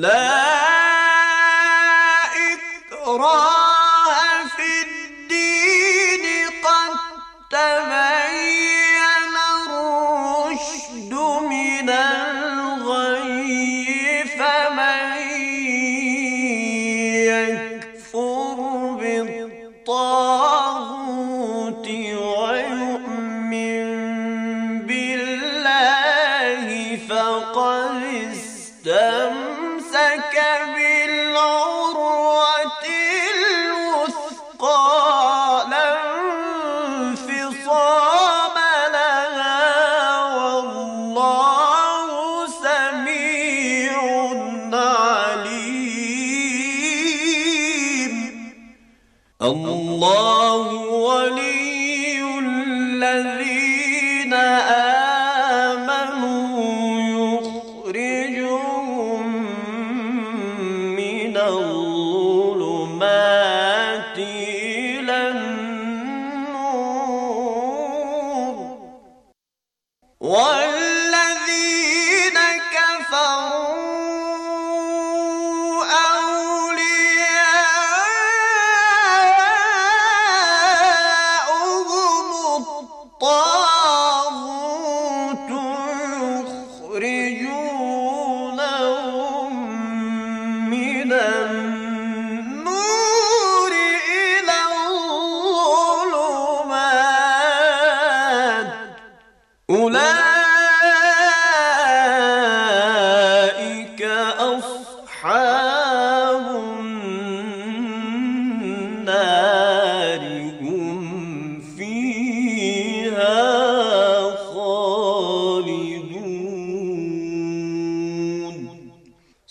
لا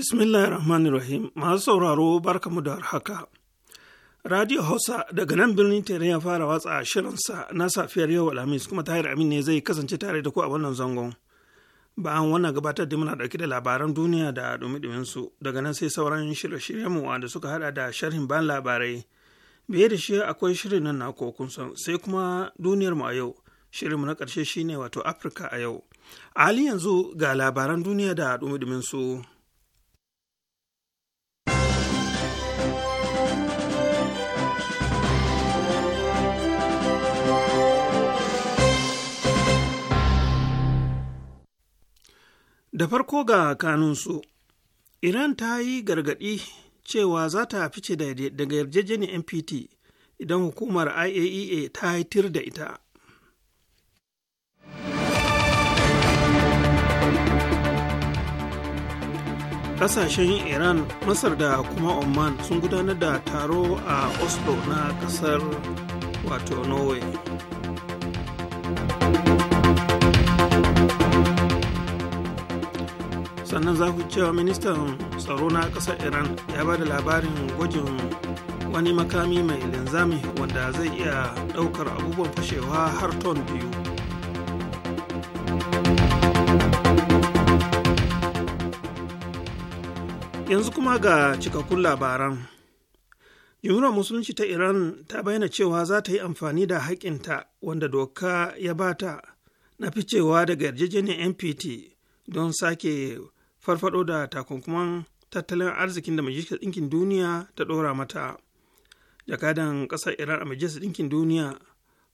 Bismillahirrahmanirrahim masu sauraro barkamu da haka. Radio Hausa daga nan birnin Tere ya fara watsa shirinsa na safiyar yau Alhamis kuma Tahir Amin ne zai kasance tare da ku a wannan zangon. Bayan wannan gabatar da muna dauke da labaran duniya da dumi su daga nan sai sauran shirye-shiryenmu da suka hada da sharhin ban labarai. Biye da shi akwai shirin nan na kokun sai kuma duniyar mu a yau. shirin mu na ƙarshe shine wato Afirka a yau. A halin yanzu ga labaran duniya da dumi su. da farko ga kanunsu iran ta yi gargadi cewa za ta fice daga yarjejeniyar npt idan hukumar iaea e ta haitir da ita kasashen iran masar da kuma oman sun gudanar da taro a oslo na kasar wato norway sannan za ku cewa ministan tsaro na ƙasar iran ya ba da labarin gwajin wani makami mai linzami wanda zai iya ɗaukar abubuwan fashewa har ton biyu yanzu kuma ga cikakkun labaran jumhuriyar musulunci ta iran ta bayyana cewa za ta yi amfani da haƙƙinta wanda doka ya bata na ficewa daga yarjejeniyar npt don sake farfado da takunkuman tattalin arzikin da majalisar ɗinkin duniya ta ɗora mata jakadan ƙasar iran a majalisar ɗinkin duniya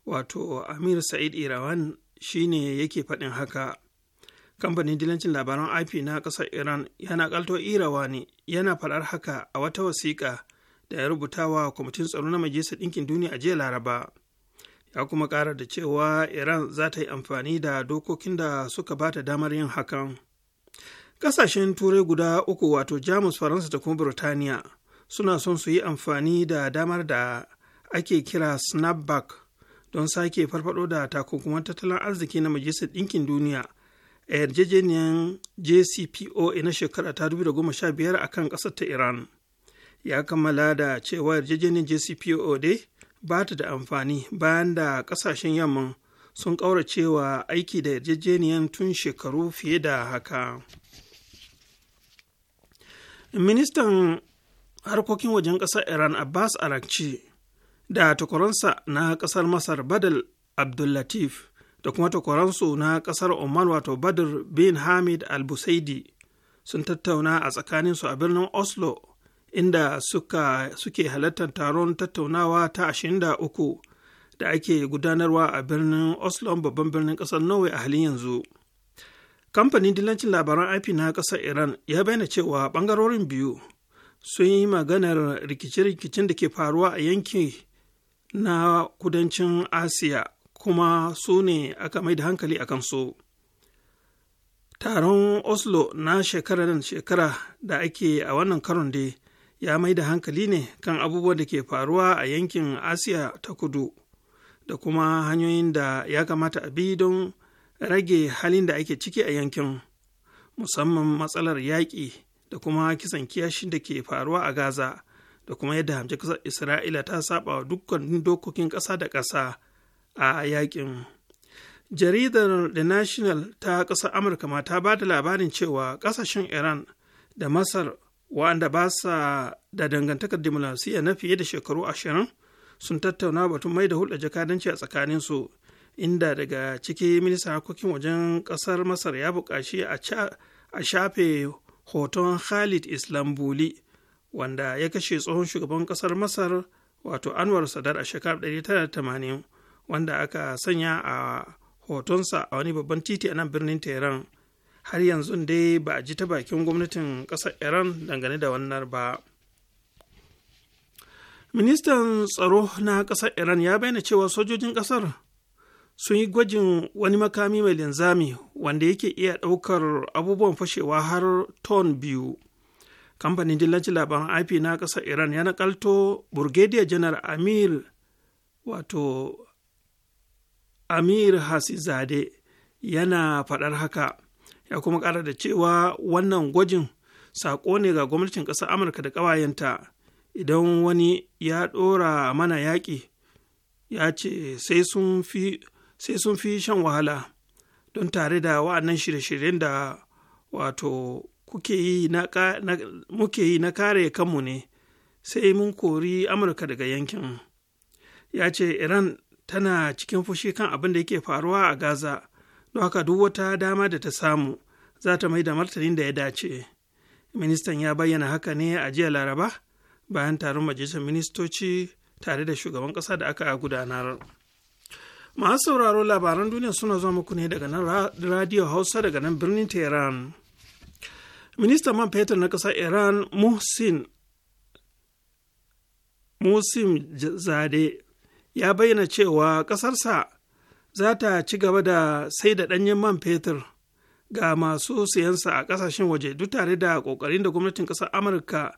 wato amir sa'id irawan shine yake faɗin haka kamfanin dilancin labaran ip na ƙasar iran yana ƙalto irawani yana faɗar haka a wata wasiƙa da ya rubuta wa kwamitin tsaro na majalisar ɗinkin duniya a jiya laraba ya kuma ƙara da cewa iran za ta yi amfani da dokokin da suka ba ta damar yin hakan Ƙasashen Turai guda uku wato Jamus, Faransa da kuma Burtaniya suna son su yi amfani da damar da ake kira snapback don sake farfado da takunkuman tattalin arziki na Majalisar Ɗinkin Duniya a yarjejeniyar JCPOA na shekara ta 2015 a kan ƙasar ta Iran. Ya kammala da cewa yarjejeniyar JCPOA dai ba ta da amfani bayan da ƙasashen yamman sun ƙauracewa aiki da yarjejeniyar tun shekaru fiye da haka. ministan harkokin wajen ƙasar iran abbas arakci da takwaransa na ƙasar masar badal abdullatif da kuma takwaransu na ƙasar oman wato badr bin hamid al-busaidi sun tattauna a tsakaninsu a birnin oslo inda suka suke halartar taron tattaunawa ta 23 da ake gudanarwa a birnin oslo babban birnin ƙasar norway a halin yanzu kamfanin dillancin labaran ip na ƙasar iran ya bayyana cewa ɓangarorin biyu sun yi maganar rikice-rikicen da ke faruwa a yanki na kudancin asiya kuma su ne aka mai da hankali a su taron oslo na shekarar shekara da ake a wannan karon dai ya mai da hankali ne kan abubuwan da ke faruwa a yankin asiya ta kudu da kuma hanyoyin da ya kamata a bi don rage halin da ake ciki a yankin musamman matsalar yaƙi da kuma kisan kiyashin da ke faruwa a gaza da kuma yadda hamci kasar isra'ila ta saba wa dukkan dokokin ƙasa da ƙasa a yaƙin jaridar the national ta ƙasar amurka ma ta ba da labarin cewa ƙasashen iran da masar wa'anda ba sa da dangantakar dimulasiya na fiye da shekaru ashirin sun tattauna batun mai da hulɗa jakadanci a tsakaninsu inda daga ciki ministan harkokin wajen ƙasar masar ya buƙaci a shafe hoton khalid islambuli wanda ya kashe tsohon shugaban ƙasar masar wato anwar sadar a shekarar 1980 wanda aka sanya a hotonsa a wani babban titi a nan birnin tehran har yanzu dai ba a ji ta bakin gwamnatin ƙasar iran dangane da wannan ba ministan tsaro na ƙasar iran ya bayyana cewa sojojin ƙasar sun yi gwajin wani makami mai linzami wanda yake iya ɗaukar abubuwan fashewa har ton biyu kamfanin dillancin labaran ip na ƙasar iran ya nakalto burgediya janar amir wato amir hasizade yana faɗar haka ya kuma ƙara da cewa wannan gwajin saƙo ne ga gwamnatin ƙasar amurka da ƙawayenta idan wani ya ɗora mana yaƙi ya ce sai sun fi sai sun fi shan wahala don tare da wa'annan shirye-shiryen da wato muke yi na kare kanmu ne sai mun kori amurka daga yankin ya ce iran tana cikin fushi kan abin da yake faruwa a gaza don haka duk wata dama da ta samu za ta mai da martanin da ya dace ministan ya bayyana haka ne a jiya laraba bayan taron majalisar ministoci tare da shugaban ƙasa da aka gudanar. masu sauraro labaran duniya suna zuwa muku ne daga nan radio hausa daga nan birnin tehran ministan man fetur na ƙasar iran muhsin musim zade ya bayyana cewa ƙasarsa za ta ci gaba da sai da ɗanyen man fetur ga masu siyansa a ƙasashen waje duk tare da ƙoƙarin da gwamnatin ƙasar amurka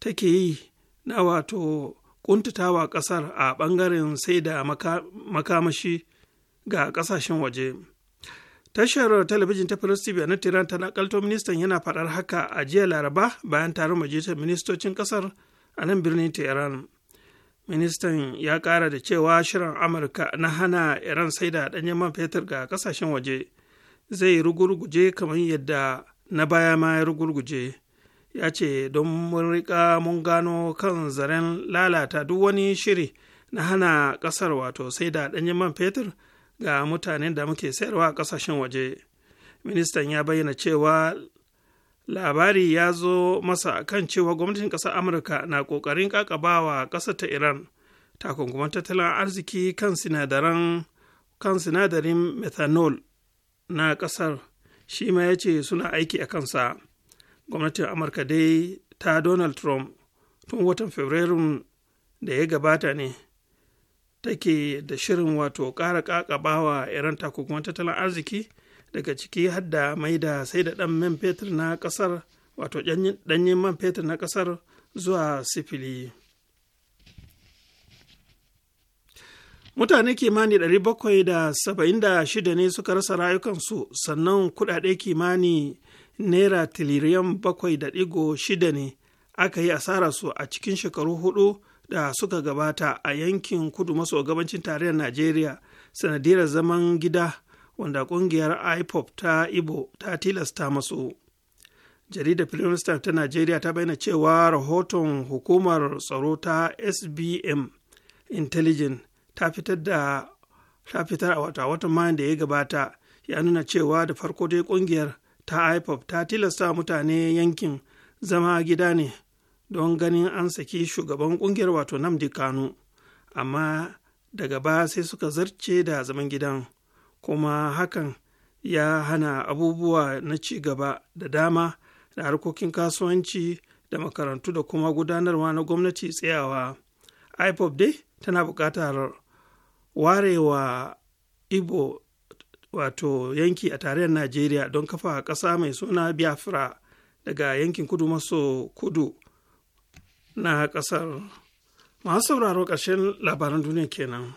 take yi na wato ƙuntatawa kasar a ɓangaren sai da makamashi ga ƙasashen waje tashar talabijin ta Firis TV na Tiran ta nakalto ministan yana faɗar haka a jiya Laraba bayan taron majalisar ministocin kasar a nan birnin Tehran. Ministan ya ƙara da cewa shirin Amurka na hana Iran sai da ɗanyen man fetur ga ƙasashen waje zai rugurguje kamar yadda na baya ma ya rugurguje. ya ce don mun rika mun gano kan zaren lalata duk wani shiri na hana ƙasar wato sai da ɗanyen man fetur ga mutanen da muke sayarwa a ƙasashen waje ministan ya bayyana cewa labari ya zo masa kan cewa gwamnatin ƙasar amurka na ƙoƙarin ƙaƙabawa ƙasar ta iran takunkuman tattalin arziki kan sinadaran kan sinadarin methanol na ƙasar shi ma ya ce suna aiki a kansa gwamnatin amurka dai ta donald trump tun watan fabrairun da ya gabata ne take da shirin wato kara ƙara ƙaƙabawa iran takunkuman tattalin arziki daga ciki hadda mai da sai da ɗan man fetur na ƙasar wato danyen man fetur na ƙasar zuwa sifili mutane kimani 776 ne suka rasa rayukansu sannan kuɗaɗe kimani naira tiriliyan bakwai da ɗigo shida ne aka yi asararsu a cikin shekaru hudu da suka gabata a yankin kudu maso gabancin tarayyar najeriya sanadiyar zaman gida wanda kungiyar ipop ta ibo ta tilasta masu jaridar filistin ta najeriya ta bayyana cewa rahoton hukumar tsaro ta sbm intelligence ta fitar da ta fitar a watan mayan da ya gabata ya nuna cewa da farko dai kungiyar ta IPOP ta tilasta mutane yankin zama gida ne don ganin an saki shugaban kungiyar wato Namdi Kano, amma daga ba sai suka zarce da zaman gidan, kuma hakan ya hana abubuwa na ci gaba da dama da harkokin kasuwanci da makarantu da kuma gudanarwa na gwamnati tsayawa. IPOP dai tana bukatar warewa Igbo wato yanki a tarayyar najeriya don kafa ƙasa mai suna biafra daga yankin kudu maso kudu na ƙasar masu sauraro ƙarshen labaran duniya kenan.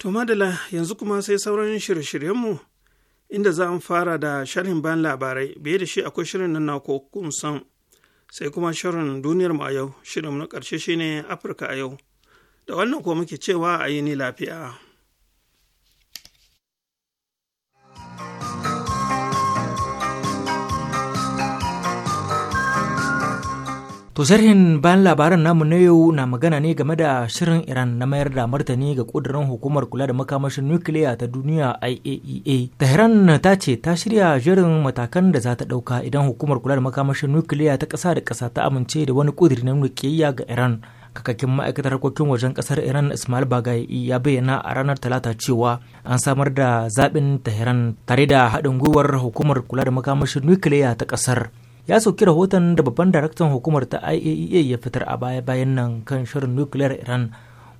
To madala yanzu kuma sai sauran shirye-shiryenmu inda za mu fara da sharhin bayan labarai biye da shi akwai shirin nan na kun san sai kuma shirin duniyar mu a yau shirin na ƙarshe shine afirka a yau da wannan ko muke cewa a yi ni lafiya To zarhin bayan labaran namu na yau na magana ne game da shirin Iran na mayar da martani ga kudirin hukumar kula da makamashin nukiliya ta duniya IAEA. E tehran ta ce ta shirya jerin matakan da za ta ɗauka idan hukumar kula da makamashin nukiliya ta ƙasa da ƙasa ta amince da wani kudiri na nukiliya ga Iran. kakakin ma'aikatar harkokin wajen kasar iran ismail bagai ya bayyana a ranar talata cewa an samar da zaɓin tehran tare da haɗin gwiwar hukumar kula da makamashin nukiliya ta ƙasar ya sauki rahoton da babban daraktan hukumar ta iaea e ya fitar a baya-bayan nan kan shirin nukiliyar iran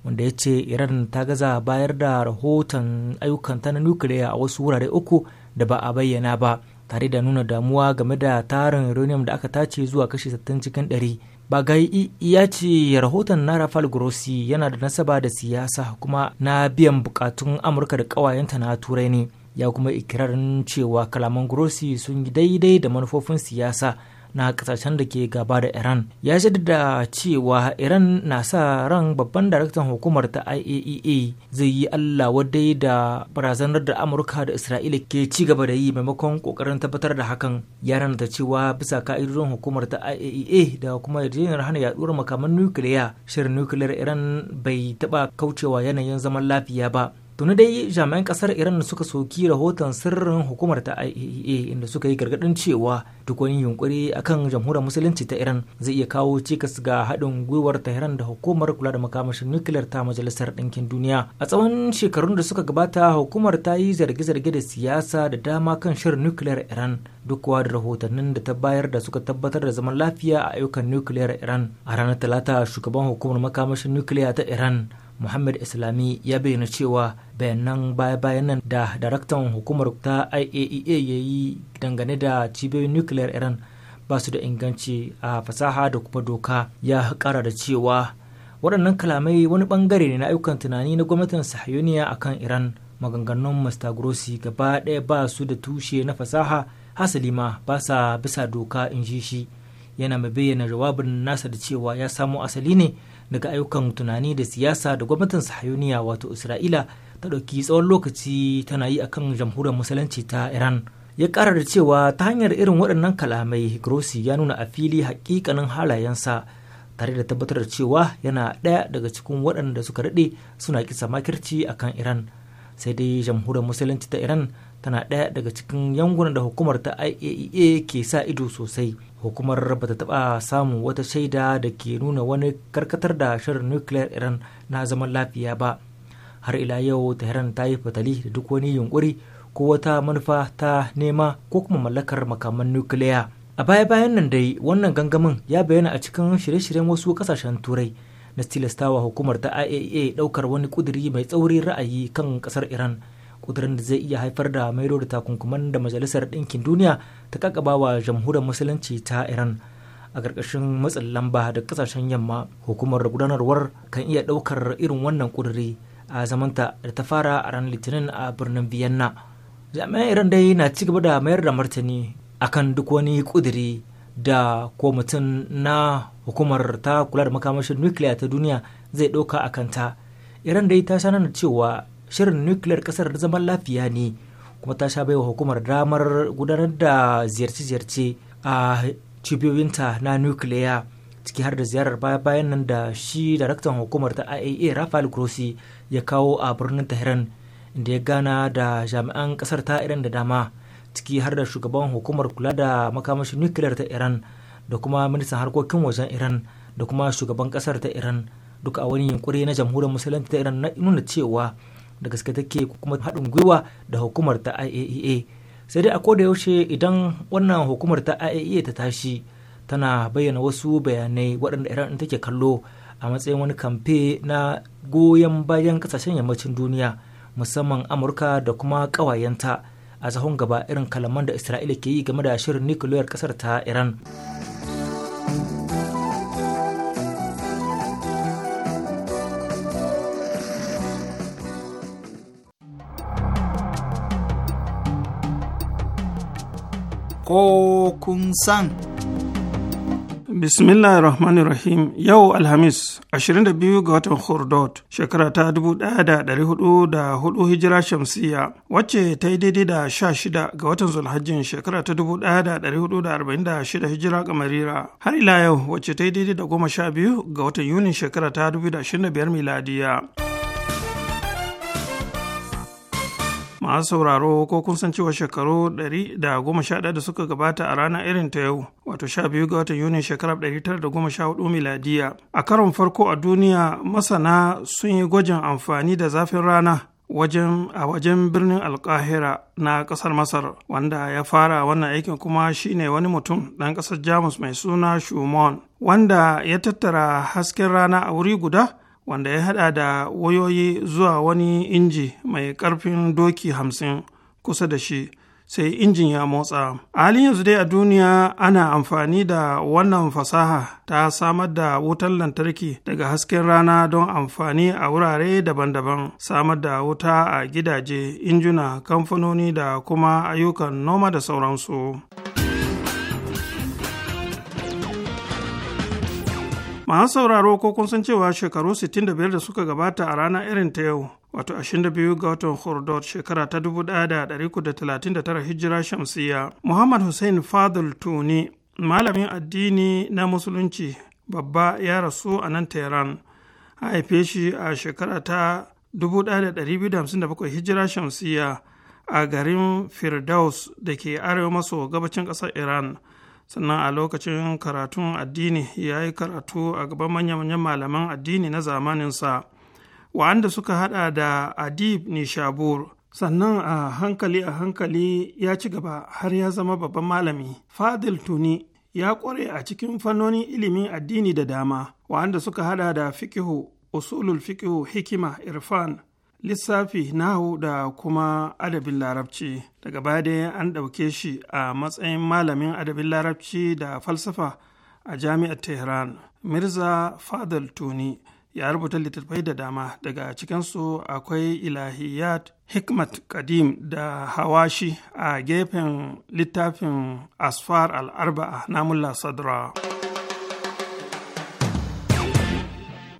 wanda ya ce iran ta gaza bayar da rahoton ayyukanta na nukiliya a wasu wurare uku da ba a bayyana ba tare da nuna damuwa game da tarin uranium da aka tace zuwa kashi 60 cikin 100 bagai ya ce rahoton na rafal grossi yana da nasaba da siyasa kuma na biyan bukatun amurka da kawayenta na turai ne ya kuma ikirarin cewa kalaman grossi sun yi daidai da manufofin siyasa na kasashen da ke gaba da iran ya jaddada cewa iran na sa ran babban daraktan hukumar ta iaea e zai yi allah wadai da barazanar da amurka da isra'ila ke ci gaba da yi maimakon kokarin tabbatar da hakan ya ta cewa bisa ka'idodin hukumar ta iaea e da kuma yarjejeniyar hana yaduwar makaman nukiliya shirin nukiliyar iran bai taɓa kaucewa yanayin zaman lafiya ba tuni dai jami'an kasar iran da suka soki rahoton sirrin hukumar ta iaea e inda suka yi gargadin cewa duk wani yunkuri akan jamhuriyar musulunci ta iran zai iya kawo cikas ga haɗin gwiwar tehran da hukumar kula da makamashin nukiliyar ta majalisar ɗinkin duniya a tsawon shekarun da suka gabata hukumar ta yi zarge-zarge da siyasa da dama kan shirin nukiliyar iran duk da rahotannin da ta bayar da suka tabbatar da zaman lafiya a ayyukan nukiliyar iran a ranar talata shugaban hukumar makamashin nukiliya ta iran muhammad islami ya bayyana cewa bayanan baya-bayan nan da daraktan hukumar ta iaea e ya yi dangane da cibiyoyin nuclear iran ba su da inganci a fasaha da kuma doka ya kara da cewa waɗannan kalamai wani bangare ne na ayyukan tunani na gwamnatin sahiyoniya a kan iran maganganun mr grossi gaba ɗaya ba su da tushe na fasaha hasali ma ba sa bisa doka in shi yana mai bayyana jawabin nasa da cewa ya samo asali ne daga ayyukan tunani da siyasa da gwamnatin sahayuniya wato isra'ila ta ɗauki tsawon lokaci tana yi akan jamhuriyar musulunci ta iran ya ƙara da cewa ta hanyar irin waɗannan kalamai grossi ya nuna a fili hakikanin halayensa tare da tabbatar da cewa yana ɗaya daga cikin waɗanda suka daɗe suna kisa makirci akan iran sai dai jamhuriyar musulunci ta iran tana ɗaya daga cikin yankunan da hukumar ta iaea e ke sa ido sosai hukumar ba ta taɓa samun wata shaida da ke nuna wani karkatar da shirin nuclear iran na zaman lafiya ba har ila yau tehran ta yi fatali da duk wani yunkuri ko wata manufa ta nema ko kuma mallakar makaman nukiliya a baya bayan nan dai wannan gangamin ya bayyana a cikin shirye-shiryen wasu kasashen turai na tilastawa hukumar ta iaea daukar wani kuduri mai tsaurin ra'ayi kan kasar iran kudurin da zai iya haifar da maido da takunkuman da majalisar ɗinkin duniya ta kakaba wa jamhuriyar musulunci ta iran a ƙarƙashin matsin lamba da ƙasashen yamma hukumar gudanarwar kan iya ɗaukar irin wannan kuduri a zamanta da ta fara a ran litinin a birnin vienna jami'an iran dai na ci gaba da mayar da martani akan duk wani kuduri da ko mutum na hukumar ta kula da makamashin nukiliya ta duniya zai ɗauka a kanta iran dai ta sanar da cewa shirin nuclear kasar zaman lafiya ne kuma ta sha baiwa hukumar damar gudanar da ziyarce-ziyarce a cibiyoyinta na nukiliya ciki har da ziyarar baya-bayan nan da shi daraktan hukumar ta iaea rafael grossi ya kawo a birnin tehran inda ya gana da jami'an kasar ta iran da dama ciki har da shugaban hukumar kula da makamashin nukiliyar ta iran da kuma ministan harkokin wajen iran da kuma shugaban kasar ta iran duka a wani yunkuri na jamhuriyar musulunci ta iran na nuna cewa da gaske take kuma haɗin gwiwa da hukumar ta IAEA e sai dai a koda yaushe idan wannan hukumar ta IAEA e ta tashi tana bayyana wasu bayanai waɗanda Iran in take kallo a matsayin wani kamfe na goyon bayan ƙasashen yammacin duniya musamman Amurka da kuma ƙawayenta a sahun gaba irin kalaman da Isra'ila ke yi game da shirin nukiliyar ƙasar ta Iran. ko kun san. Bismillahirrahmanirrahim yau Alhamis 22 ga watan Hordot shekara ta 1404 hijira shamsiya wacce ta yi daidai da 16 ga watan Zulhajjin shekara ta 1446 hijira kamarira har ila yau wacce ta yi daidai da 12 ga watan Yunin shekara ta 2025 miladiya. masu sauraro ko kun san cewa shekaru 111 da suka gabata a ranar irin ta yau wato 12 ga watan yuni shekarar 1914 miladiya a karon farko a duniya masana sun yi gwajin amfani da zafin rana wajen a wajen birnin alkahira na kasar masar wanda ya fara wannan aikin kuma shine wani mutum ɗan ƙasar jamus mai suna shumon wanda ya tattara hasken rana a wuri guda wanda ya hada da wayoyi zuwa wani inji mai karfin doki hamsin kusa da shi sai injin ya motsa a halin yanzu dai a duniya ana amfani da wannan fasaha ta samar da wutar lantarki daga hasken rana don amfani a wurare daban-daban samar da wuta a gidaje injuna kamfanoni da kuma ayyukan noma da sauransu. masu sauraro ko kun san cewa shekaru 65 da suka gabata a rana irin ta yau wato 22 ga watan hordot shekara ta 1939 hijira shamsiya muhammad hussein fadl tuni malamin addini na musulunci babba ya rasu a nan tehran haife shi a shekara ta 1257 hijira shamsiya a garin firdaus da ke arewa maso gabacin ƙasar iran sannan a lokacin karatun addini ya yi karatu a gaban manyan malaman addini na zamaninsa wa'anda suka hada da adib nishabur sannan a hankali a hankali ya ci gaba har ya zama babban malami fadil tuni ya ƙware a cikin fannonin ilimin addini da dama wa'anda suka hada da fikihu usulul fikihu hikima irfan lissafi nahu da kuma adabin larabci daga baya dai an ɗauke shi a matsayin malamin adabin larabci da falsafa a jami'ar tehran mirza fadal tuni ya rubuta littattafai da dama daga cikinsu akwai ilahiyat hikmat kadim da hawashi a gefen littafin asfar al-arba'a na mulla sadra.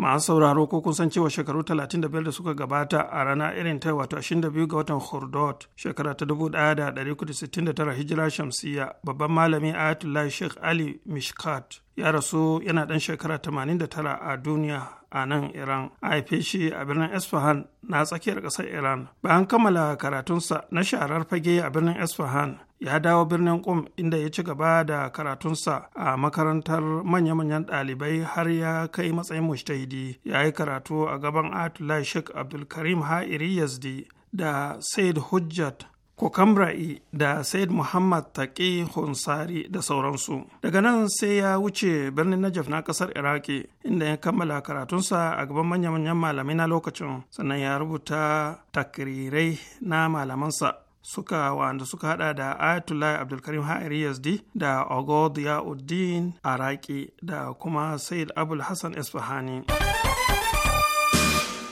masu sauraro ko kun san cewa shekaru 35 da suka gabata a rana irin ta wato 22 ga watan hurdot shekara ta 1969 hijira shamsiya babban malami ayatollah sheikh ali mishkat ya rasu yana dan shekara 89 a duniya a nan iran a haife shi a birnin isfahan na tsakiyar ƙasar Iran. Bayan kammala karatunsa na sharar fage a birnin Isfahan, ya dawo birnin Qom inda ya ci gaba da karatunsa a makarantar manya-manyan ɗalibai har ya kai matsayin mushtahidi. Ya yi karatu a gaban Atulai Sheikh Abdulkarim Ha'iri Yazdi da Said Hujjat kokambra'i da said muhammad taƙi hunsari da sauransu daga nan sai ya wuce birnin najaf na ƙasar iraki inda ya kammala karatunsa a gaban manya-manyan malamai na lokacin sannan ya rubuta takrirai na malamansa suka wanda suka hada da ayatollah abdulkarim ha'iri da ogod Uddin araki da kuma said abul hassan isfahani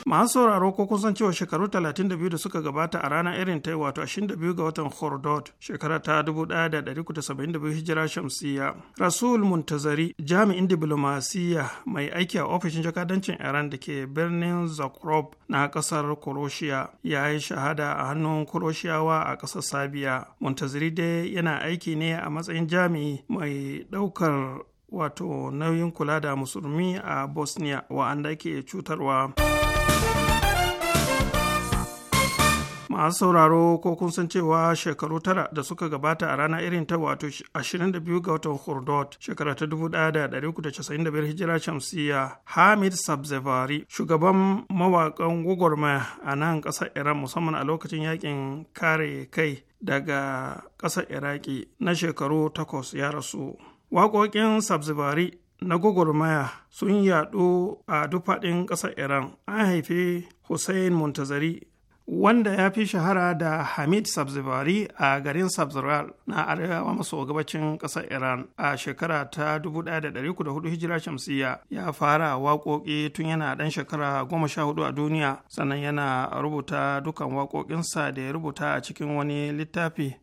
masu sauraro ko kun cewa shekaru 32 da suka gabata a ranar irin ta wato 22 ga watan hordod shekara ta 1972 hijira shamsiya rasul muntazari jami'in diplomasiya mai aiki a ofishin jakadancin iran da ke birnin zagreb na kasar kuroshiya ya yi shahada a hannun kuroshiyawa a kasar sabiya muntazari dai yana aiki ne a matsayin jami'i mai daukar wato nauyin kula da musulmi a bosnia wa'anda ke cutarwa. masu sauraro ko kun san cewa shekaru tara da suka gabata a rana irin ta wato 22 ga watan hurdot shekara ta 1995 hijira shamsiya hamid sabzevari shugaban mawakan gwagwarmaya a nan ƙasar iran musamman a lokacin yakin kare kai daga ƙasar iraki na shekaru takwas ya rasu waƙoƙin sabzevari na gwagwarmaya sun yaɗu a dufaɗin ƙasar iran an haifi hussein muntazari wanda ya fi shahara da Hamid sabzibari a garin Sabzivar na arewa maso gabacin ƙasar Iran a shekara ta 1304 hijira shamsiyya ya fara waƙoƙi tun yana ɗan shekara goma sha hudu a duniya sannan yana rubuta dukan waƙoƙinsa da ya rubuta a cikin wani littafi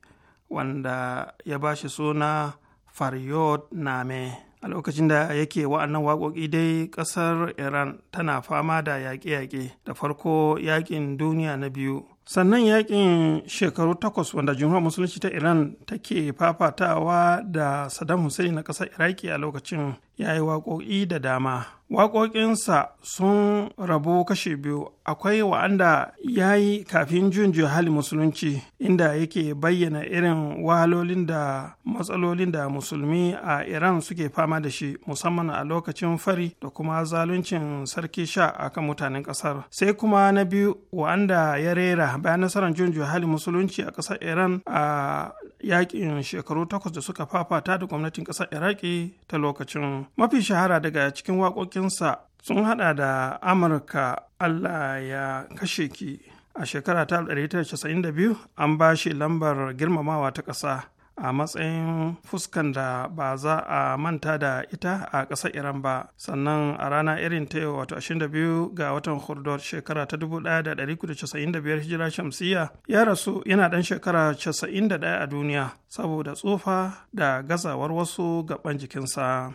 wanda ya ba shi suna Faryod Name. a lokacin da yake wa'annan waƙoƙi dai ƙasar iran tana fama da yaƙe-yaƙe da farko yaƙin duniya na biyu sannan yaƙin shekaru takwas wanda jumhuriyar musulunci ta iran take fafatawa da saddam hussein na ƙasar iraki a lokacin ya yi waƙoƙi da dama waƙoƙinsa sun rabu kashe biyu akwai wa'anda ya yi kafin jin hali musulunci inda yake bayyana irin wahalolin da matsalolin da musulmi a iran suke fama da shi musamman a lokacin fari da kuma zaluncin sarki sha a kan mutanen ƙasar sai kuma na biyu wa'anda ya rera bayan nasarar jin hali musulunci a ƙasar iran a yakin shekaru takwas da suka fafata da gwamnatin ƙasar iraki ta lokacin mafi shahara daga cikin waƙoƙinsa sun hada da amurka allah ya kashe ki a shekara ta 1992 an ba shi lambar girmamawa ta ƙasa a matsayin fuskan da ba za a manta da ita a ƙasar iran ba sannan a rana irin ta yau wato 22 ga watan hurdor shekara ta 1995 hijira shamsiyya ya rasu yana ɗan shekara 91 a duniya saboda tsufa da gazawar wasu gaban jikinsa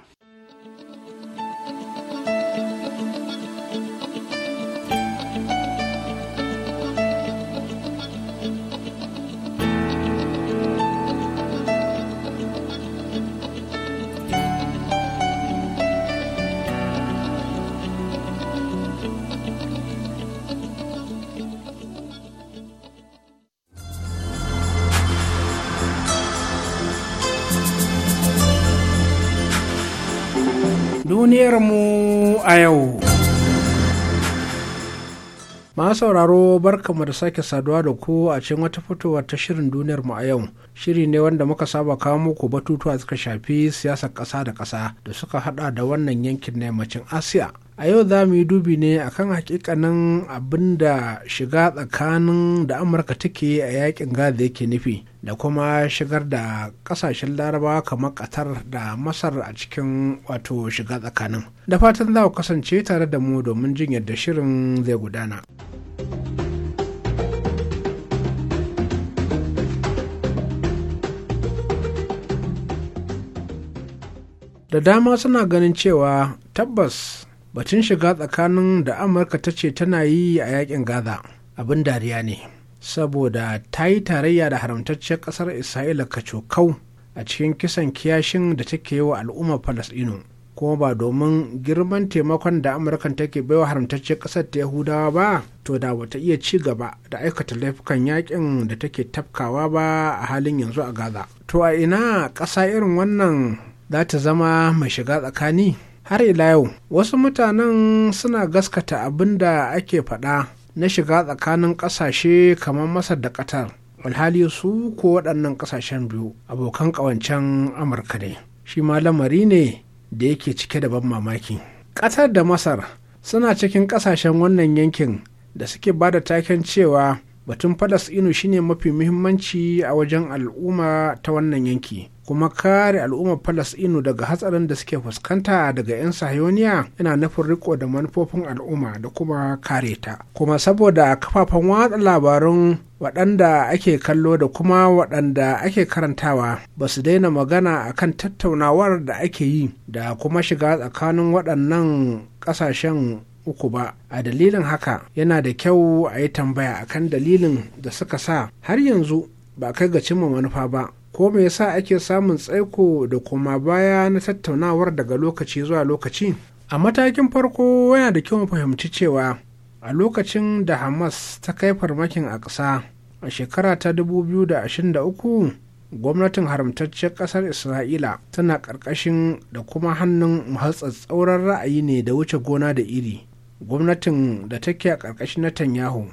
mu a yau. Masu sauraro barkamu da sake saduwa da ku a cikin wata fitowa ta shirin duniyar mu a yau. Shiri ne wanda muka saba kawo muku batutuwa suka shafi siyasar ƙasa da ƙasa da suka hada da wannan yankin na yammacin Asiya. a yau za mu yi dubi ne akan hakikanin abin da shiga tsakanin da amurka take a yakin gaza yake nufi da kuma shigar da kasashen larabawa kamar katar da masar a cikin wato shiga tsakanin da fatan za ku kasance tare da mu domin jin yadda shirin zai gudana. da dama suna ganin cewa tabbas batun shiga tsakanin da amurka ta ce tana yi a yakin gaza abin dariya ne saboda ta yi tarayya da haramtacciyar kasar isra'ila kacokau a cikin kisan kiyashin da take yi wa al'ummar falasɗinu kuma ba domin girman taimakon da amurkan take baiwa haramtacciyar kasar ta yahudawa ba to da bata iya ci gaba da aikata laifukan yakin da take tafkawa ba a halin yanzu a gaza to a ina ƙasa irin wannan za ta zama mai shiga tsakani har ila yau wasu mutanen suna gaskata abin da ake faɗa na shiga tsakanin ƙasashe kamar masar da ƙatar alhali su ko waɗannan ƙasashen biyu abokan ƙawancen amurka ne shi ma lamari ne da yake cike da ban mamaki ƙasar da masar suna cikin ƙasashen wannan yankin da suke ba da taken cewa batun falasɗinu shine mafi muhimmanci a wajen al'umma ta wannan yanki kuma kare al'ummar falasɗinu daga hatsarin da suke fuskanta daga 'yan sahiyoniya yana nufin riko da manufofin al'umma da kuma kare ta kuma saboda kafafen watsa labarun waɗanda ake kallo da kuma waɗanda ake karantawa ba su daina magana akan tattaunawar da ake yi da kuma shiga tsakanin waɗannan ƙasashen uku ba a dalilin haka yana da kyau a yi tambaya kan dalilin da suka sa har yanzu ba kai ga cimma manufa ba ko me yasa ake samun tsaiko da kuma baya na tattaunawar daga lokaci zuwa lokaci a matakin farko yana da kyau fahimci cewa a lokacin da hamas ta kai farmakin a ƙasa a shekara ta 2023 gwamnatin haramtaccen ƙasar isra'ila tana ƙarƙashin da kuma hannun tsauran ra'ayi ne da wuce gona da iri gwamnatin da take a ƙarƙashin netanyahu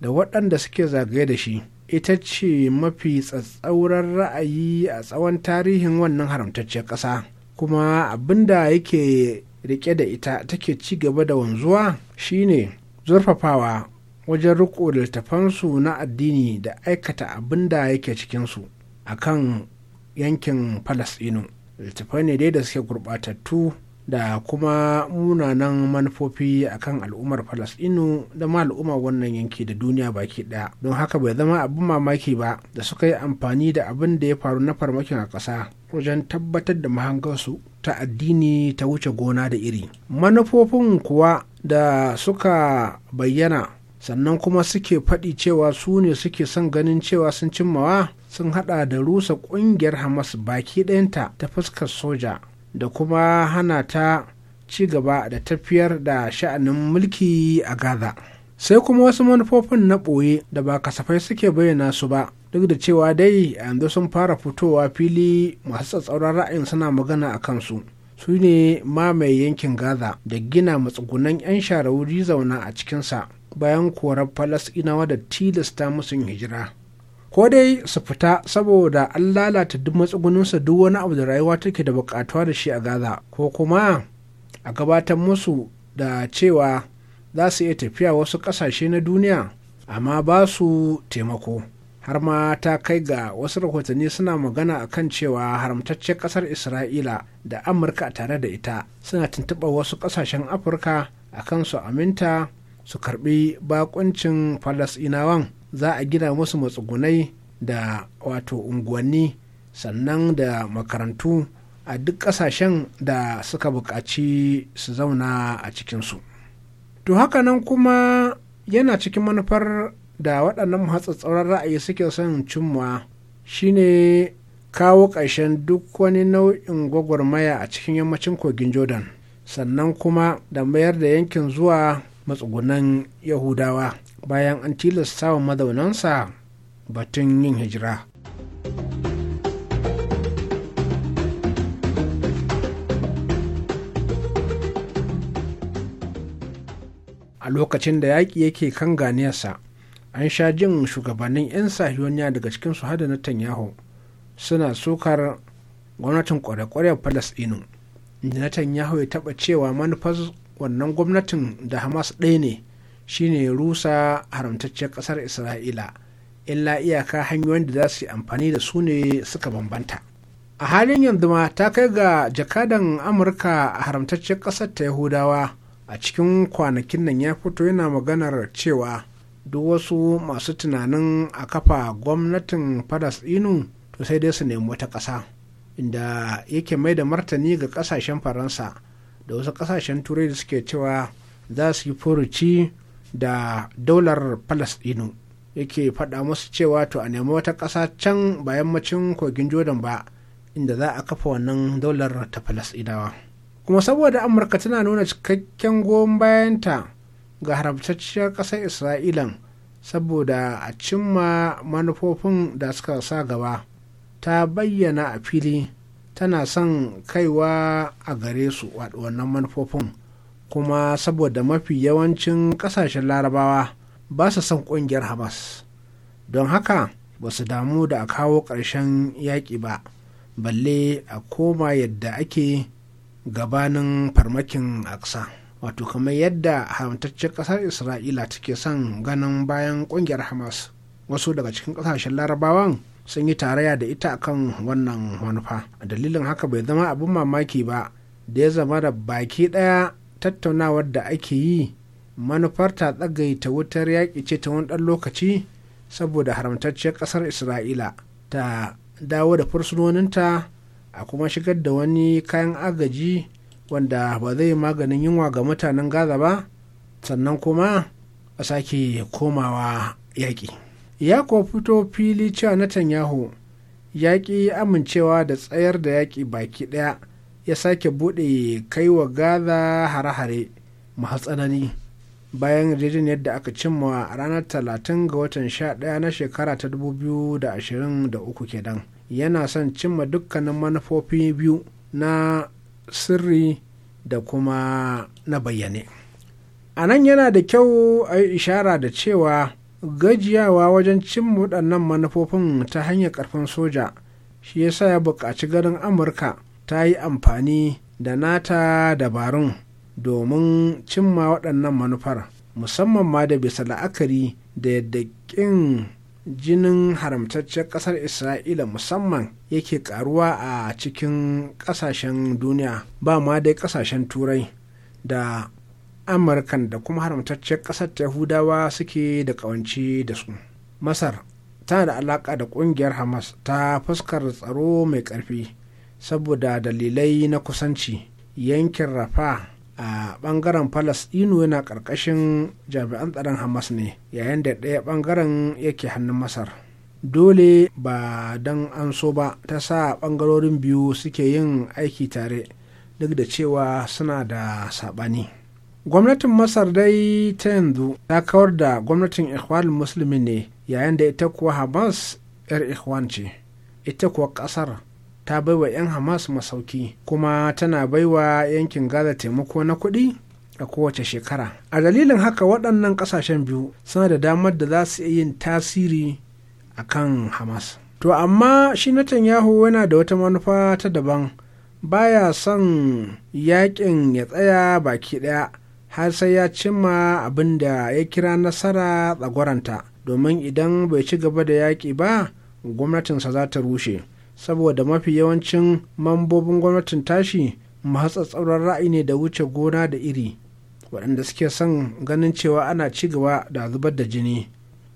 da waɗanda suke zagaye da shi ita ce mafi tsatsauran ra'ayi a tsawon tarihin wannan haramtacciyar ƙasa kuma abin da yake rike da ita take ci gaba da wanzuwa shine zurfafawa wajen riko littafansu na addini da aikata abin da yake cikinsu a kan yankin falasɗinu littafai ne dai da suke gurɓatattu da kuma munanan manufofi akan al'ummar falasɗinu da ma al'ummar wannan yanki da duniya baki ɗaya don haka bai zama abin mamaki ba da suka yi amfani da abin da ya faru na farmakin a ƙasa wajen tabbatar da mahangarsu ta addini ta wuce gona da iri manufofin kuwa da suka bayyana sannan kuma suke faɗi cewa su ne suke son ganin cewa sun cimmawa sun haɗa da rusa ƙungiyar hamas baki ɗayanta ta fuskar soja da kuma hana ta ci gaba da tafiyar da sha'anin mulki a gaza sai kuma wasu manufofin na ɓoye da ba kasafai suke bayyana su ba duk da cewa dai a yanzu sun fara fitowa fili masu tsatsauran ra'ayin suna magana a kansu su ne mamaye yankin gaza da gina matsugunan 'yan shara wuri zauna a cikinsa bayan korar falasɗinawa da tilasta musun hijira ko dai su fita saboda an lalata duk matsuguninsa duk wani abu da rayuwa take da bukatuwa da shi a gaza ko kuma a gabatar musu da cewa za su iya tafiya wasu ƙasashe na duniya amma ba su taimako har ma ta kai ga wasu rahotanni suna magana a kan cewa haramtaccen ƙasar isra'ila da amurka tare da ita suna tuntuɓar wasu ƙasashen afirka a kan su aminta su karɓi bakuncin Falasinawan. za a gina musu matsugunai da wato unguwanni sannan da makarantu a duk ƙasashen da suka buƙaci su zauna a cikinsu to hakanan kuma yana cikin manufar da waɗannan hatsatsauran ra'ayi suke son cimma shine kawo ƙarshen duk wani nau'in gwagwarmaya a cikin yammacin kogin jordan sannan kuma da mayar da yankin zuwa matsugunan yahudawa bayan an tilasta wa mazaunansa batun yin hijira a lokacin da yaƙi yake kan ganiyarsa an sha jin shugabannin 'yan sahiyoniya daga cikinsu hada na tanyahu suna sukar gwamnatin kware falasɗinu falasɗinu netanyahu ya taɓa cewa manufar wannan gwamnatin da hamas ɗaya ne shine rusa haramtacciyar ƙasar isra'ila illa iyaka hanyoyin da za su yi amfani da su ne suka bambanta a halin yanzu ma ta kai ga jakadan amurka a haramtacciyar ƙasar ta yahudawa a cikin kwanakin nan ya fito yana maganar cewa duk wasu masu tunanin a kafa gwamnatin inu to sai dai su nemi wata ƙasa inda yake mai da martani ga ƙasashen faransa da wasu ƙasashen turai da suke cewa za su yi furuci da daular palestino yake faɗa musu cewa to a nemi wata ƙasa can ba yammacin kogin jordan ba inda za a kafa wannan daular ta falasɗinawa kuma saboda amurka tana nuna cikakken goyon bayanta ga haramtacciyar ƙasar isra'ilan saboda a cimma manufofin da suka sa gaba ta bayyana a fili tana son kaiwa a gare su wannan manufofin kuma saboda mafi yawancin kasashen larabawa ba su son kungiyar hamas don haka ba su damu da a kawo ƙarshen yaƙi ba balle a koma yadda ake gabanin farmakin aksa wato kamar yadda haramtaccen ƙasar isra'ila take son ganin bayan ƙungiyar hamas wasu daga cikin ƙasashen larabawan sun yi tarayya da ita akan wannan manufa dalilin haka bai zama abin mamaki ba da ya zama da baki ɗaya tattaunawar da ake yi Manufar ta tsagaita wutar yaƙi ce ta wani ɗan lokaci saboda haramtacciyar ƙasar isra'ila ta dawo da fursunoninta a kuma shigar da wani kayan agaji wanda ba zai maganin yunwa ga mutanen gaza ba sannan kuma a sake komawa yaƙi ya kuwa fito fili cewa netanyahu yaƙi amincewa da tsayar da yaƙi baki ɗaya ya sake bude kai wa gaza hare-hare masu tsanani bayan rijin yadda aka cimma a ranar talatin ga watan sha daya na shekara ta dubu biyu da da ashirin uku kenan yana son cimma dukkanin manufofi biyu na sirri da kuma na bayyane a nan yana da kyau a yi ishara da cewa gajiyawa wajen cimma waɗannan manufofin ta hanyar ƙarfin soja shi yasa ya buƙaci ganin amurka ta yi amfani da nata dabarun domin cimma waɗannan manufar musamman ma da bisa la'akari da yadda ƙin jinin haramtaccen ƙasar isra'ila musamman yake ƙaruwa a cikin ƙasashen duniya ba ma dai ƙasashen turai da amurkan da kuma haramtaccen ƙasar yahudawa suke da ƙawance da su masar tana da alaƙa da ƙungiyar hamas ta fuskar tsaro mai ƙarfi saboda dalilai na kusanci yankin rafa a bangaren Falasɗinu yana ƙarƙashin jami'an tsaron hamas ne yayin da ɗaya bangaren yake hannun masar dole ba don an so ba ta sa bangarorin biyu suke yin aiki tare duk da cewa suna da saɓani gwamnatin masar dai ta yanzu ta kawar da gwamnatin ikhwan musulmi ne yayin da ita kuwa hamas 'yar ikhwan ce ita kuwa ƙasar ta baiwa 'yan hamas masauki kuma tana baiwa yankin gaza taimako na kuɗi a kowace shekara a dalilin haka waɗannan ƙasashen biyu suna da damar da za su iya yin tasiri a kan hamas to amma shi netanyahu yana da wata manufa ta daban baya son yakin ya tsaya baki ɗaya har sai ya cimma abin da ya kira nasara tsagwaranta domin idan bai ci gaba da yaƙi ba gwamnatinsa za ta rushe saboda mafi yawancin mambobin gwamnatin tashi tsauran ra'ayi ne da wuce gona da iri waɗanda suke son ganin cewa ana ci gaba da zubar da jini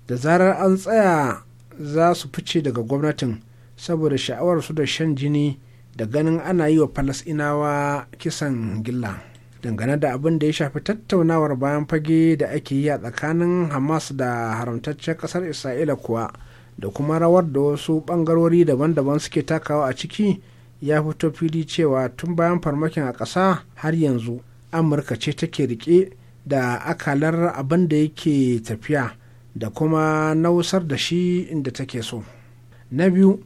da zarar an tsaya za su fice daga gwamnatin saboda sha'awar su da shan jini da ganin ana yi wa falasinawa kisan gilla dangane da abin da ya shafi tattaunawar bayan fage da ake yi a tsakanin hamas da haramtaccen ƙasar isra'ila kuwa da kuma rawar da wasu bangarori daban-daban suke takawa a ciki ya fito fili cewa tun bayan farmakin a ƙasa har yanzu amurka ce take rike da akalar abin da yake tafiya da kuma nausar da shi inda take so na biyu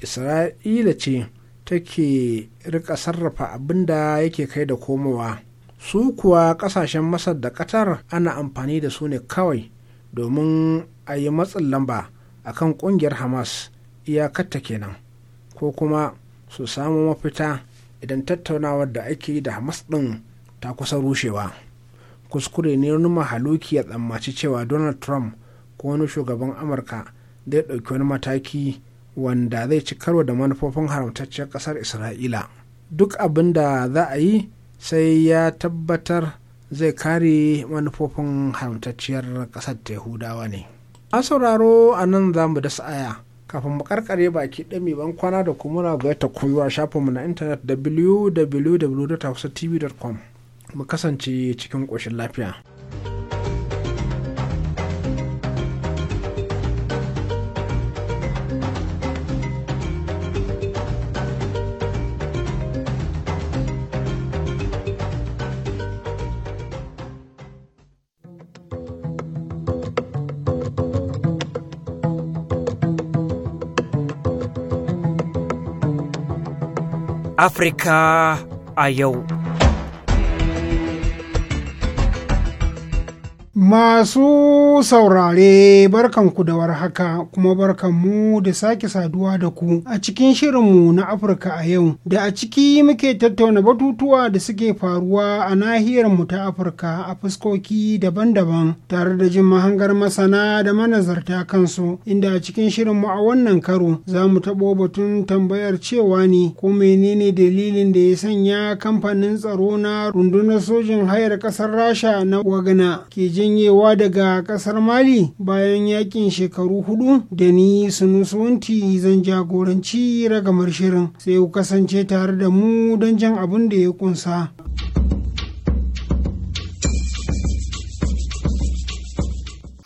isra'ila ce take rika sarrafa abin da yake kai da komowa su kuwa kasashen masar da qatar ana amfani da su ne kawai domin a yi matsin lamba a kan ƙungiyar hamas iyakarta kenan ko kuma su samu mafita idan tattaunawar da ake yi da hamas ɗin ta kusa rushewa kuskure ne wani mahaluki ya tsammaci cewa donald trump ko wani shugaban amurka zai ɗauki wani mataki wanda zai ci karo da manufofin haramtacciyar ƙasar isra'ila duk abin da za a yi sai ya tabbatar zai kare manufofin haramtacciyar ƙasar ta yahudawa ne an sauraro a nan za mu dasa aya kafin mu karkare baki ɗami ban kwana da kuma na ga ta koyuwa shafinmu na intanet www.hausatv.com mu kasance cikin ƙoshin lafiya. Afirka a yau. Masu saurare barkanku da warhaka kuma barkanmu da sake saduwa da ku a cikin shirinmu na Afirka a yau da a ciki muke tattauna batutuwa da suke faruwa a nahiyar mu ta Afirka a fuskoki daban-daban tare da jin mahangar masana da manazarta kansu inda a cikin shirinmu a wannan karo za mu taɓo batun tambayar cewa ne ko menene dalilin da ya sanya kamfanin tsaro na rundunar sojin hayar ƙasar Rasha na Wagana ke jin janyewa daga kasar mali bayan yakin shekaru hudu da ni sunusunti zan jagoranci ragamar shirin sai ku kasance tare da mu don jan abin da ya kunsa.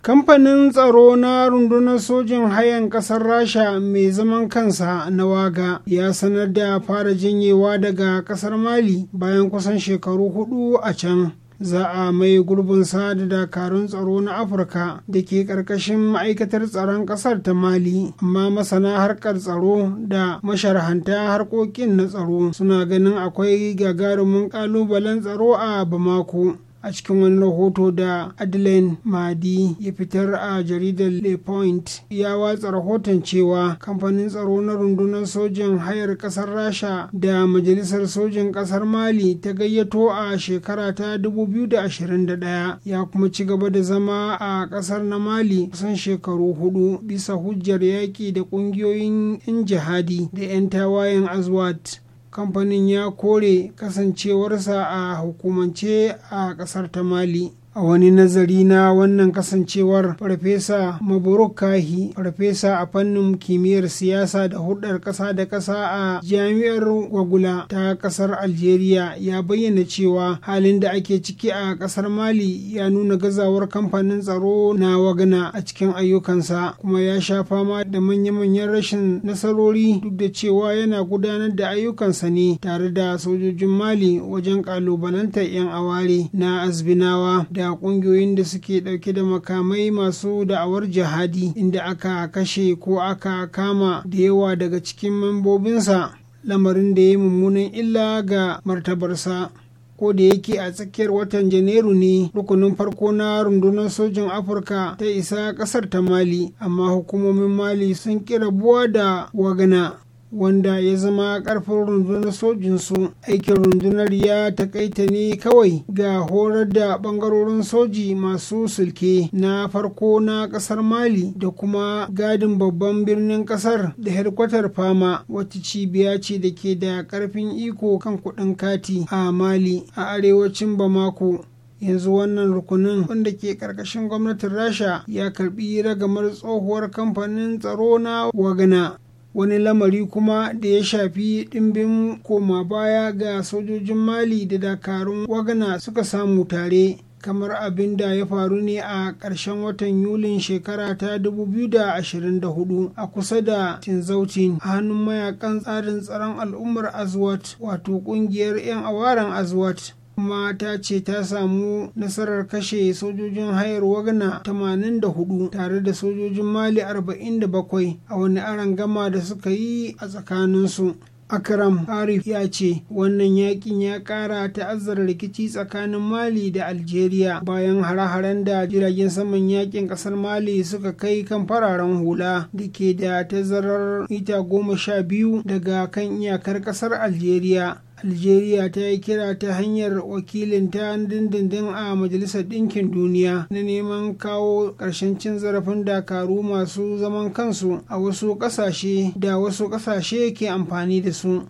kamfanin tsaro na rundunar sojin hayan kasar rasha mai zaman kansa na waga ya sanar da fara janyewa daga kasar mali bayan kusan shekaru hudu a can za a mai gurbin sa da dakarun tsaro na afirka da ke ƙarƙashin ma'aikatar tsaron ƙasar ta mali amma masana harkar tsaro da masharhanta harkokin na tsaro suna ganin akwai gagarumin ƙalubalen tsaro a bamako a cikin wani rahoto da Adeline Madi ya fitar a jaridar Le Point ya watsa rahoton cewa kamfanin tsaro na rundunar sojin hayar kasar Rasha da majalisar sojin kasar Mali ta gayyato a shekara ta 2021 ya kuma ci gaba da zama a kasar na Mali kusan shekaru hudu bisa hujjar yaƙi da ƙungiyoyin 'yan jihadi da 'yan tawayen Azwat. kamfanin ya kore kasancewarsa a hukumance a kasar ta mali a wani nazari na wannan kasancewar farfesa maburukahi farfesa a fannin kimiyyar siyasa da hudar kasa da kasa a jami'ar gwagula ta ƙasar algeria ya bayyana cewa halin da ake ciki a ƙasar mali ya nuna gazawar kamfanin tsaro na wagana a cikin ayyukansa kuma ya sha fama da manya-manyan rashin nasarori duk da cewa yana gudanar da ayyukansa ne tare da sojojin mali wajen ƙalubalantar 'yan aware na azbinawa da da kungiyoyin da suke dauke da makamai masu da'awar jihadi inda aka kashe ko aka kama da yawa daga cikin membobinsa lamarin da ya mummunan illa ga martabarsa ko da yake a tsakiyar watan janairu ne rukunin farko na rundunar sojin afirka ta isa kasar ta mali amma hukumomin mali sun kira buwa da wagana wanda ya zama karfin rundunar sojinsu aikin rundunar ya takaita ne kawai ga horar da bangarorin soji masu sulke na farko na kasar mali da kuma gadin babban birnin kasar da herkwatar fama wata cibiya ce da ke da karfin iko kan kudin kati a mali a arewacin bamako yanzu wannan rukunin wanda ke karkashin gwamnatin rasha ya karbi ragamar tsohuwar kamfanin tsaro na wagana wani lamari kuma da ya shafi ɗimbin koma baya ga sojojin mali da dakarun wagana suka samu tare kamar abin da ya faru ne a ƙarshen watan yulin shekara ta 2024 a kusa da tinzautin a hannun mayakan tsarin tsaron al'ummar azwat wato ƙungiyar 'yan awaran azwat kuma ta ce ta samu nasarar kashe sojojin hayar wagna 84 tare da sojojin mali 47 a wani aron gama da suka yi a tsakaninsu akram arif ya ce wannan yakin ya kara ta'azzara rikici tsakanin mali da algeria bayan hare-haren da jiragen saman yakin kasar mali suka kai kan fararen hula da ke da tazarar mita goma sha biyu daga kan iyakar kasar algeria algeria ta yi kira ta hanyar wakilin wakilinta dindindin a majalisar ɗinkin duniya na neman kawo ƙarshen cin zarafin dakaru masu zaman kansu a wasu ƙasashe da wasu ƙasashe ke amfani da su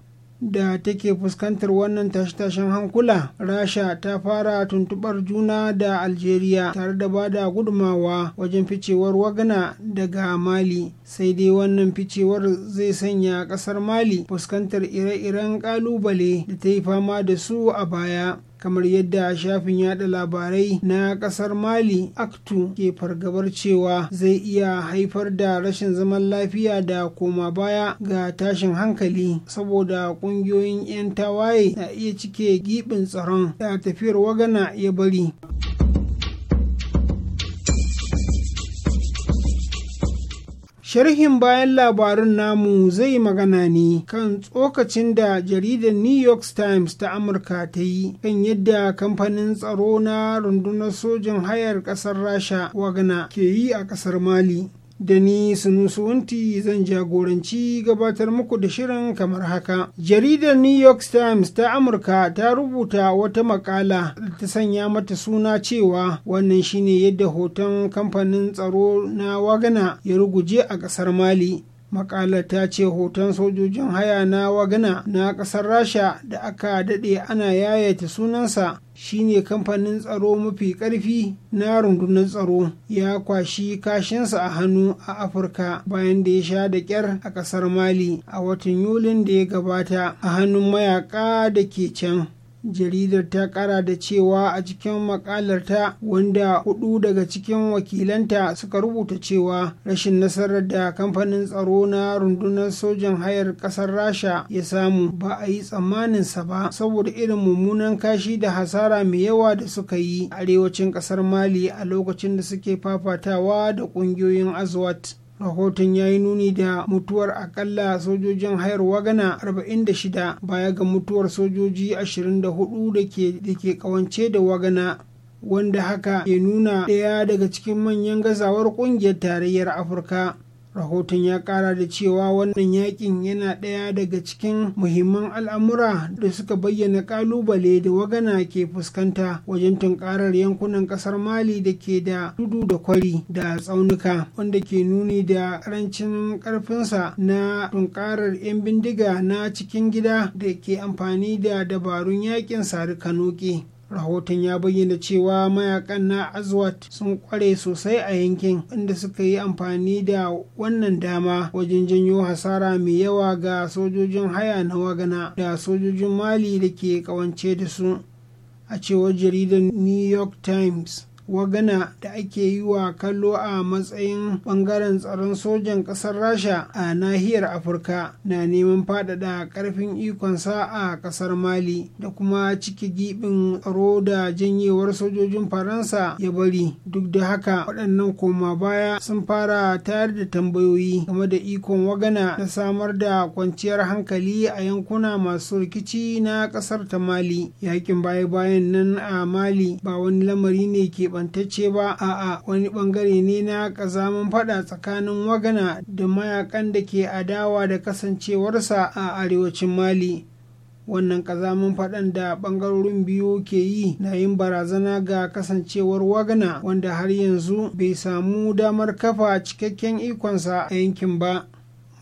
da take fuskantar wannan tashe-tashen hankula rasha ta fara tuntubar juna da algeria tare da ba da gudumawa wajen ficewar wagana daga mali sai dai wannan ficewar zai sanya kasar mali fuskantar ire-iren kalubale da ta yi fama da su a baya kamar yadda shafin yada labarai na kasar mali aktu ke fargabar cewa zai iya haifar da rashin zaman lafiya da koma baya ga tashin hankali saboda kungiyoyin 'yan tawaye na iya cike gibin tsaron da tafiyar wagana ya bari Sharhin bayan labarun namu zai magana ne kan tsokacin da jaridar New York Times ta Amurka ta yi kan yadda kamfanin tsaro na rundunar sojin hayar ƙasar Rasha Wagana ke yi a ƙasar Mali. da ni sunusunti zan jagoranci gabatar muku da shirin kamar haka. Jaridar New York Times ta Amurka ta rubuta wata makala da ta sanya mata suna cewa wannan shine yadda hoton kamfanin tsaro na Wagana ya ruguje a ƙasar Mali. makalar ta ce hoton sojojin haya na wagana na ƙasar rasha da aka daɗe ana yayata sunansa shine kamfanin tsaro mafi ƙarfi na rundunar tsaro ya kwashi kashinsa a hannu a afirka bayan da ya sha da ƙyar a ƙasar mali a watan yulin da ya gabata a hannun mayaka da ke can jaridar ta kara da cewa a cikin makalarta wanda hudu daga cikin wakilanta suka rubuta cewa rashin nasarar da kamfanin tsaro na rundunar sojan hayar kasar rasha ya samu ba a yi tsammaninsa ba saboda irin mummunan kashi da hasara mai yawa da suka yi arewacin kasar mali a lokacin da suke fafatawa da kungiyoyin azwat rahoton ya yi nuni da mutuwar akalla sojojin hayar wagana 46 baya ga mutuwar sojoji 24 da ke kawance da wagana wanda haka ke nuna ɗaya daga cikin manyan gazawar ƙungiyar tarayyar afirka rahoton ya kara da cewa wannan yakin yana ɗaya daga cikin muhimman al'amura da suka bayyana kalubale da wagana ke fuskanta wajen tunkarar yankunan kasar mali da ke da tudu da kwari da tsaunuka wanda ke nuni da karancin karfinsa na tunkarar 'yan bindiga na cikin gida da ke amfani da dabarun yakin sari kanoki. rahoton ya bayyana cewa mayakan na azwat sun kware sosai a yankin inda suka yi amfani da wannan dama wajen janyo hasara mai yawa ga sojojin haya na wagana da sojojin mali da ke kawance da su a cewar jaridar new york times wagana da ake yi wa kallo a matsayin bangaren tsaron sojan ƙasar rasha a nahiyar afirka na neman faɗaɗa ƙarfin ikonsa a ƙasar mali da kuma ciki giɓin tsaro da janyewar sojojin faransa ya bari duk da haka waɗannan koma baya sun fara tayar da tambayoyi game da ikon wagana na samar da kwanciyar hankali a yankuna masu rikici na ƙasar ta mali yakin baya-bayan nan a mali ba wani lamari ne ke keɓantacce ba a'a wani bangare ne na ƙazaman faɗa tsakanin wagana da mayakan da ke adawa da kasancewarsa a arewacin mali wannan kazamin faɗan da ɓangarorin biyu ke yi na yin barazana ga kasancewar wagana wanda har yanzu bai samu damar kafa cikakken ikonsa a yankin ba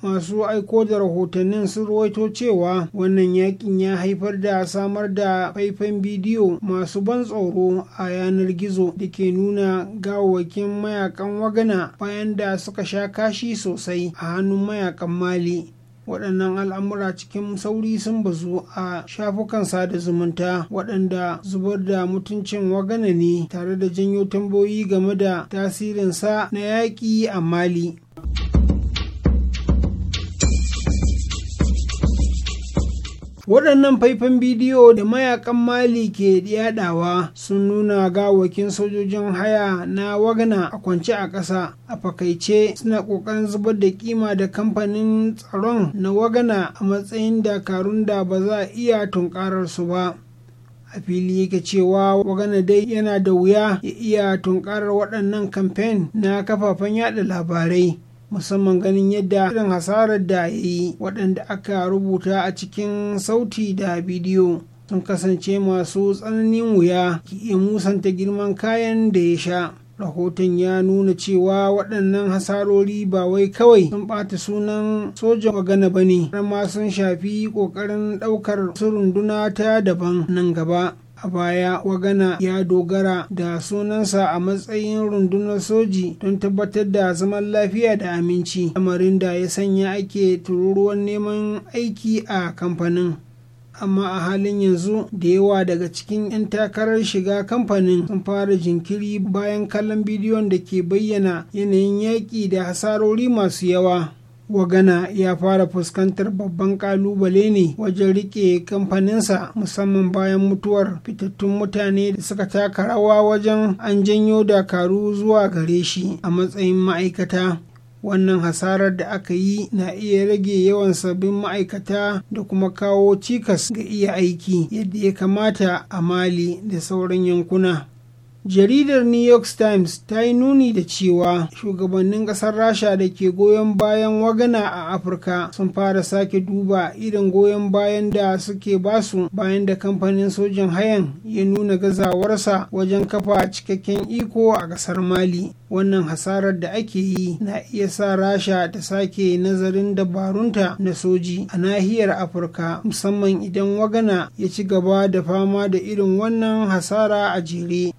masu aiko da rahotannin sun ruwaito cewa wannan yakin ya haifar da samar da faifan bidiyo masu ban tsoro a yanar gizo da ke nuna gawakin mayakan wagana bayan da suka sha kashi sosai a hannun mayakan mali waɗannan al'amura cikin sauri sun bazu a shafukan sada zumunta waɗanda zubar da mutuncin wagana ne tare da janyo tambayoyi game da tasirinsa na yaƙi a mali. waɗannan faifan bidiyo da mayakan mali ke yadawa sun nuna gawakin sojojin haya na wagana a kwance a ƙasa a fakaice suna ƙoƙarin zubar da kima da kamfanin tsaron na wagana a matsayin dakarun da ba za a iya tunkarar su ba a fili yake cewa wagana dai yana da wuya ya iya tunƙarar waɗannan kamfen na kafafen yaɗa labarai musamman ganin yadda irin hasarar da ya yi waɗanda aka rubuta a cikin sauti da bidiyo sun kasance masu tsananin wuya ki iya musanta girman kayan da ya sha rahoton ya nuna cewa waɗannan hasarori ba wai kawai sun ɓata sunan sojan wagana ba ne ma sun shafi ƙoƙarin ɗaukar su runduna ta daban nan gaba a baya wagana ya dogara da sunansa a matsayin rundunar soji don tabbatar da zaman lafiya da aminci lamarin da ya sanya ake tururuwan neman aiki a kamfanin amma a halin yanzu da yawa daga cikin 'yan takarar shiga kamfanin sun fara jinkiri bayan kallon bidiyon da ke bayyana yanayin yaƙi da hasarori masu yawa wagana ya fara fuskantar babban kalubale ne wajen rike kamfaninsa musamman bayan mutuwar fitattun mutane da suka taka rawa wajen an janyo dakaru zuwa gare shi a matsayin ma'aikata wannan hasarar da aka yi na iya rage yawan sabbin ma'aikata da kuma kawo cikas ga iya aiki yadda ya kamata a mali da sauran yankuna jaridar new york times ta yi nuni da cewa shugabannin ƙasar rasha da ke goyon bayan wagana a afirka sun fara sake duba irin goyon bayan da suke basu bayan da kamfanin sojin hayan ya nuna gazawarsa wajen kafa cikakken iko a kasar mali wannan hasarar da ake yi na iya sa rasha ta sake nazarin dabarunta na soji a nahiyar afirka musamman idan wagana ya ci gaba da fama da irin wannan hasara a jere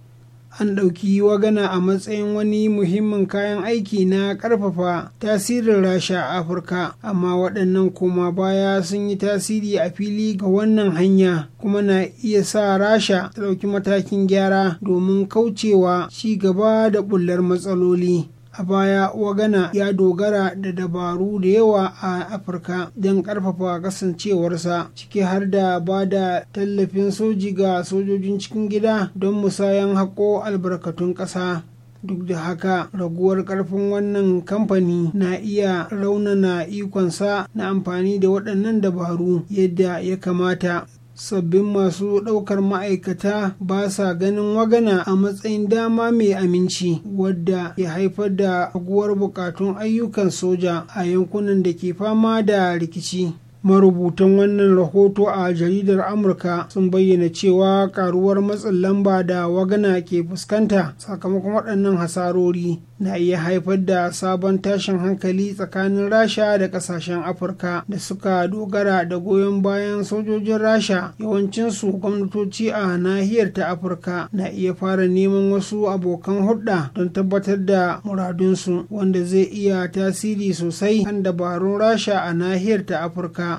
an ɗauki wagana a matsayin wani muhimmin kayan aiki na ƙarfafa tasirin rasha a afirka amma waɗannan koma baya sun yi tasiri a fili ga wannan hanya kuma na iya sa rasha ta ɗauki matakin gyara domin kaucewa ci gaba da bullar matsaloli a baya wagana ya dogara da dabaru da yawa a afirka don karfafa kasancewarsa ciki har da ba da tallafin soji ga sojojin cikin gida don musayan haƙo albarkatun ƙasa duk da haka raguwar karfin wannan kamfani na iya raunana ikonsa na amfani da waɗannan dabaru yadda ya kamata sabbin masu ɗaukar ma'aikata ba sa ganin wagana a matsayin dama mai aminci wadda ya haifar da aguwar bukatun ayyukan soja a yankunan da ke fama da rikici marubutan wannan rahoto a jaridar amurka sun bayyana cewa karuwar matsin lamba da wagana ke fuskanta sakamakon waɗannan hasarori na iya haifar da sabon tashin hankali tsakanin rasha da ƙasashen afirka da suka dogara da goyon bayan sojojin rasha yawancinsu gwamnatoci a nahiyar ta afirka na iya fara neman wasu abokan hulɗa don tabbatar da muradunsu wanda zai iya tasiri sosai kan dabarun rasha a nahiyar ta afirka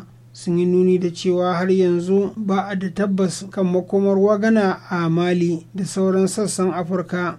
sun yi nuni da cewa har yanzu ba a da tabbas kan makomar wagana a mali da sauran sassan afirka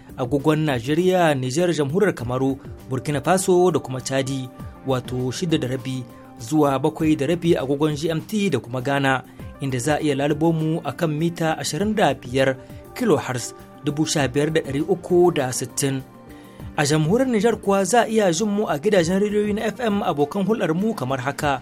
agogon Najeriya, Nijar, Jamhuriyar Kamaru, Burkina Faso da kuma Chadi, wato shida da rabi zuwa bakwai da rabi agogon GMT da kuma Ghana, inda za a iya lalubo mu a kan mita 25 kHz 15,360. A jamhuriyar Nijar kuwa za a iya jin mu a gidajen rediyoyi na FM abokan hulɗar mu kamar haka.